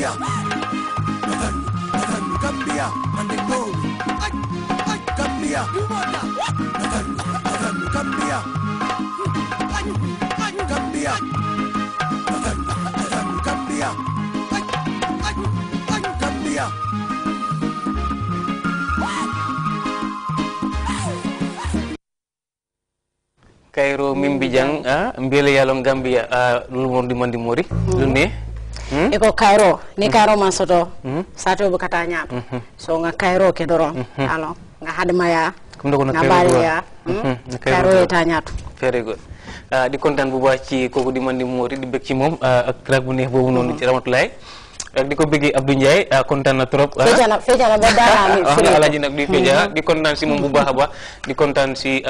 Gambia Nakan, nakan Gambia ya Gold Ay, ay Gambia Lumada Nakan, nakan mandi mori hmm. mm. eko kayro ni kayro hmm. man soto mm. bu kata nyaato mm -hmm. so nga kayro ke doron mm -hmm. alo nga hadmaya nga baliya mm? kayro ye ta nyaato very good uh, di kontaan bu baax ci kooku di man di moori di bëgg ci moom uh, ak track bu neex boobu noonu hmm. ci Ramatoulaye Eh, di ko bëggee Abdou Ndiaye eh, kontaan na trop feejana eh? feejana ba daanaam ah, wax nga alaaji nag duy feeja di hmm. kontaan si moom bu baax a di kontaan si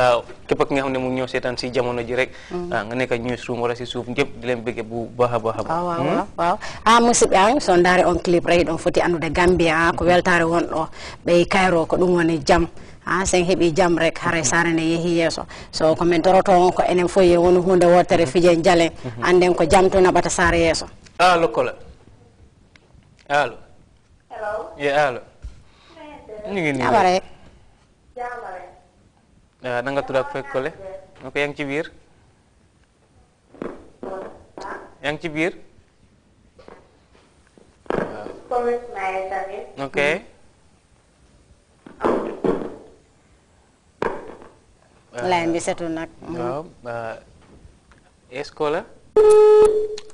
képp ki nga xam mu ñëw seetaan si jamono ji rek hmm. ah, nga nekk newsroom wala si suuf ñëpp di leen bëggee bu baax a baax a baax waaw waaw hmm? a ah, musidɓe am so ndaari on clip rey ɗon foti andude Gambia ko weltare wonɗo oh, ɓey kayro ko ɗum woni jam ha sen heeɓi jam rek haray sare nde yeehi yeeso so komin toroto on ko enen fof ye woni hunde wotere fijen jalen anden ko jam to naɓata sare yeeso a lokkola Halo. hello Ya halo. Ini gini. Apa re? Ya apa na Ya, tudd ak fekkole ok yaa Oke, yang cibir. Yang cibir. Ya. Oke. Lain bisa tunak. Ya, eh, eh, eh, setul nag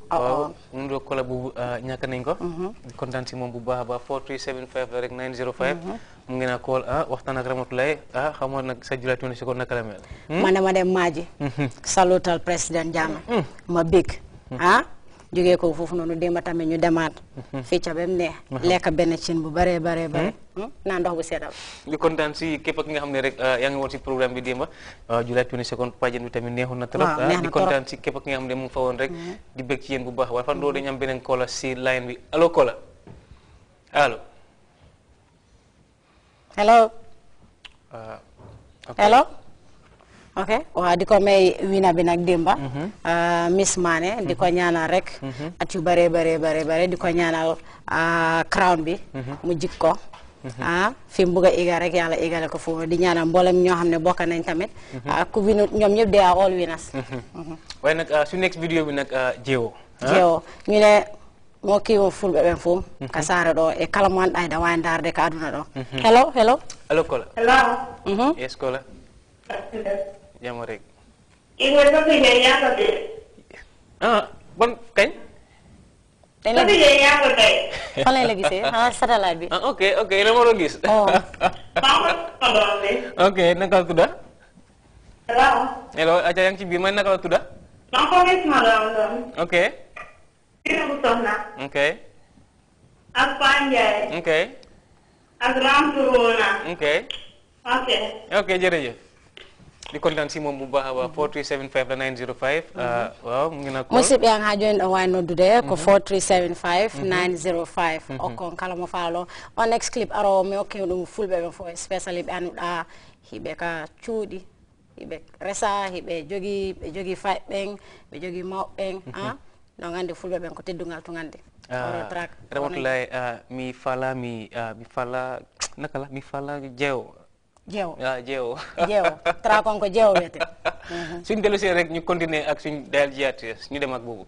Ah, waaw mun doo kola bu ah, ñàkk nañ ko di mhm. kontaan si moom bu baax ba a baax 4375 rek 905 mhm. mu ngi naa kool ah waxtaan ak Ramatoulaye ah xamoon nag sa julaat yoon si ko naka la mel hmm? ma ne ma dem maaji mhm. salutal président Jammeh ma bég ah jógee ko foofu noonu démb tamit ñu demaat. Mhm. fii ca ba mu neex. Mhm. lekk benn cin bu bare baree bare mhm. hmm? naan ndox bu seddal. ñu kontaan si képp ki nga xam ne rek euh, yaa ngi woon si programme bi démb euh, July 22nd pageant bi tamit neexoon na trop. di ah, kontaan si képp ki nga xam ne mu fa woon rek. di bëgg ci yéen bu baax waaye fan doo dañu am beneen kola si line bi allo kola allo. allo. Euh, ok waaw di ko may wina bi nag Demba. Mhm. Ah, Miss Mané di ko mhm. ñaanal rek. Mhm. at yu bëree bëree bëree bëri di ko ñaanal ah, crown bi. mu jik ko. Ah, fi mu bugg iga rek yàlla igale ko foofu di ñaanal mboolem ñoo xam ne bokk nañ tamit. ku bi ñoom ñëpp de all winners. su next video bi nag jeewo. ñu ne moo kii wo fulɓe ɓen fof ka saare ɗo e kala mo ganduɗa ene wawi darde ka aduna ɗo Ya, yang मोरेक England तो भी जाया करते ah bon kañ dañ la gis yaa ko Oke, oke, lañ Oh. gisee oke oke oke, Oke, ok la oke, doon oke oke, naka la tudda hello hello aja yang ci Oke. Oke. naka oke, Oke. oke, oke, Oke. Oke. oke, Oke. Oke. Oke. Oke, jadi aja. ɗi kontan si moom bu baax a baax mhm. ah, ko 4375 mhm. mhm. kala mo faalo on next clip arowo mi hokkima ɗum fulɓe ɓen fof spécially ɓe annduɗa hiɓe ka cuuɗi hiɓe resa hiɓe jogii ɓe ɓe jogii mawɓen ah? no gandi fulɓe ɓen ko teddugal to gandi ah, mi fala mi fala nakala jeew waaw ah, jeew jeew traakon ko jeew wete suñ dellusee rek ñu continuer ak suñ dayal jiyaat ñu dem ak boobu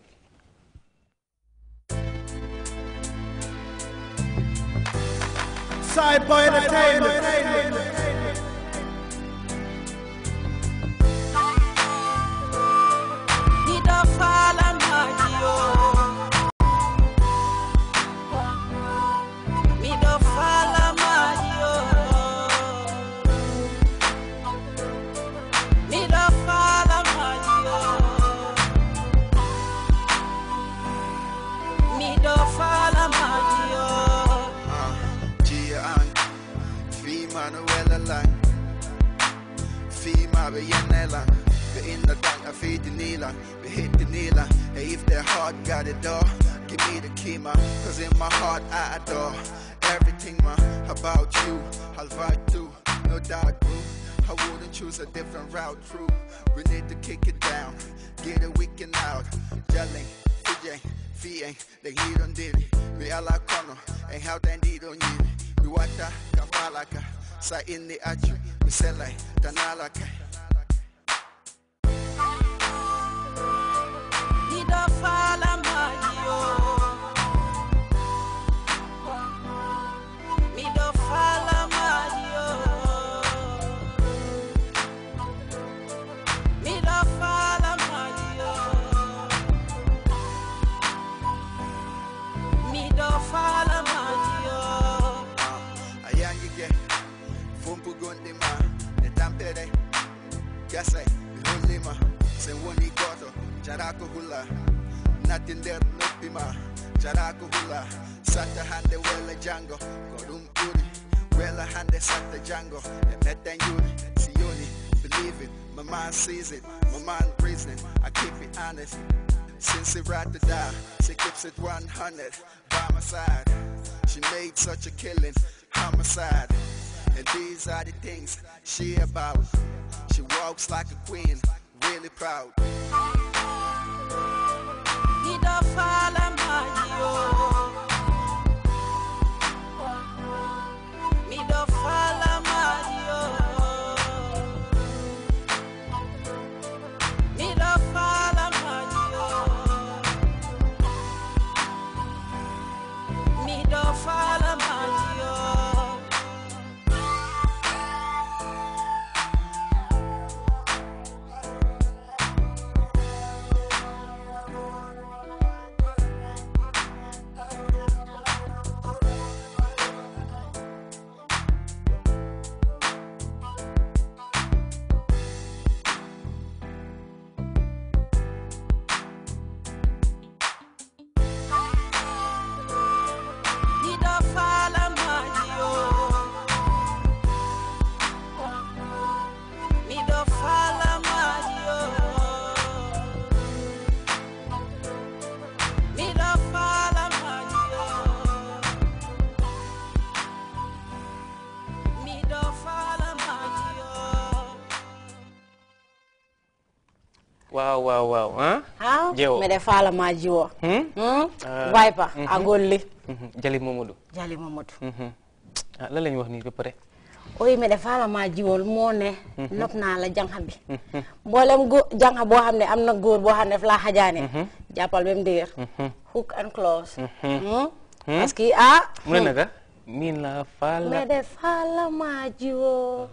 dealer, we hit the kneeler. Hey, if that heart got it all, give me the key, man. Cause in my heart I adore everything, ma About you, I'll vibe through, no doubt, boo. I wouldn't choose a different route, true. We need to kick it down, get it weekend out. Jelling, CJ, VA, they hit on Diddy. We are like Connor, and how they need on you. We watch Duata, Kamalaka, Sa in the like Misela, Tanalaka. Yes, I, the only man, say one he got, Jaraku Hula natindera nupima hula sata hande wela jango korum uri wela hande sata jango emeten yuri sioni believe it my mind sees it my mind reason i keep it honest since it right to die she keeps it 100 by my side she made such a killing homicide and these are the things she about she walks like a queen really proud fala. waaw waaw waaw ah jewo mede faala ma jiwo hmm? hmm? euh, viper hmm. a golli jali mamadou jali mamadou ah, lan lañ wax nii ba pare oy mede faala ma jiwol moo ne nopp naa la janxa bi mboolem go janxa boo xam ne am na góor boo xam ne daf laa xajaane jàppal ba dëgër hook and close ah, la mede faala ma jiwo ah,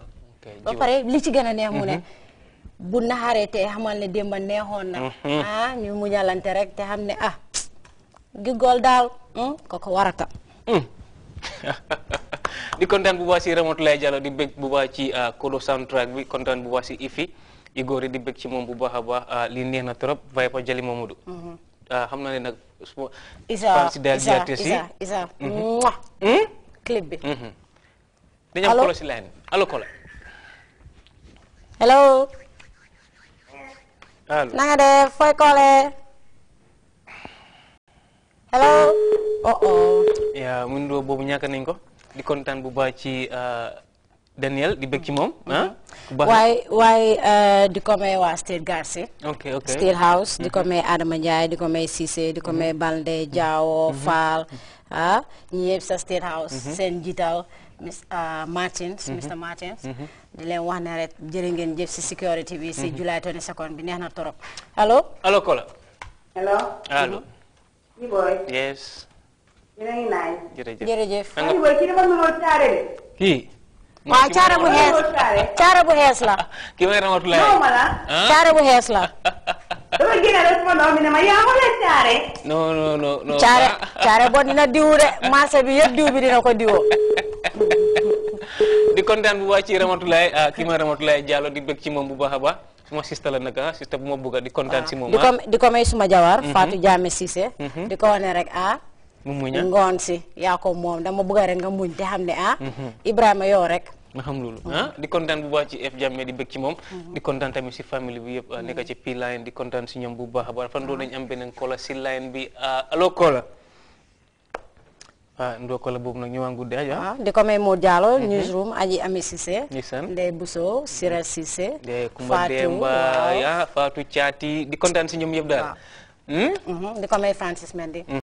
ba pare li ci gën a neex mu ne bu te xamal ne démba neexoon na mhm. ah ñu muñalante rek te xam ne ah Google daal hmm, ko warata hmm. di konten bu baax remote lay jalo di bég bu baax ci ah, Kodo soundtrack bi kontaan bu si Ifi Igor di bég ci moom bu baax a ah, baax li neex na trop waaye pa Jali Mamadou mhm. ah, xam naa ne nag isa isa isa isa mwa clip bi mhm. dañu ko ci line allo hello Allora. voice call kole. Ya. Halo. Oh oh. Ya, mun do bobu ñaka nañ Di konten bu baax ci eh, Daniel di bëgg ci moom why waaye eh, waaye di kome may waa State Gas yi. Eh? ok ok State House di mm-hmm. ko may Adama Ndiaye di ko may Cissé di ko may mm-hmm. Balde Diawo mm-hmm. Fall ah ñi yëpp sa State House. seen jiital Miss ah, Martins Mr Martins. di leen wax ne rek jërë ngeen jëf si security bi si mhm. July 22nd bi neex na torop allo allo Kola allo allo yi booy yes ñu ngi naaj jërëjëf jërëjëf yi booy kii dafa mënoo caare de kii waaw caare bu xees caare bu xees la kii may ramatulaay ma la caare bu xees la dama génne rek sama doom bi ne ma yaa ma la caare non non non caare caare boo dina diw de marché bi yëpp diw bi dina ko diwoo di kontaan bu baax ci Ramatoulaye eh, Kima Ramatoulaye jalo di bek ci ah, mhm. mhm. ya, mhm. bu baax ba suma sista la naka sista bu mo bëgg di kontaan si di komedi di ko suma jawar Fatou jame Cissé di ko wane rek ah mu muñ ngon si Ya ko mom dama bëgg rek nga muñ te xamné a. ah Ibrahima yo rek ma xam lolu ha di kontaan bu baax F jame di bek ci di kontaan tamit si family bi yëpp eh, nekk P line di kontaan si ñom bu baax ba fa fan nañ am benen kola ci line bi allo eh, kola ah ndokkale boobu nag ñëwaan guddi aja waaw ah, di ko may Modou Diallo mhm. newsroom aji Ami Cissé Ndeye Bousso Sira mhm. Cissé de Kumba Demba ya Fatou Thiati di kontaan si ñoom yëpp daal hmm? mhm, di ko may Francis Mendy hmm.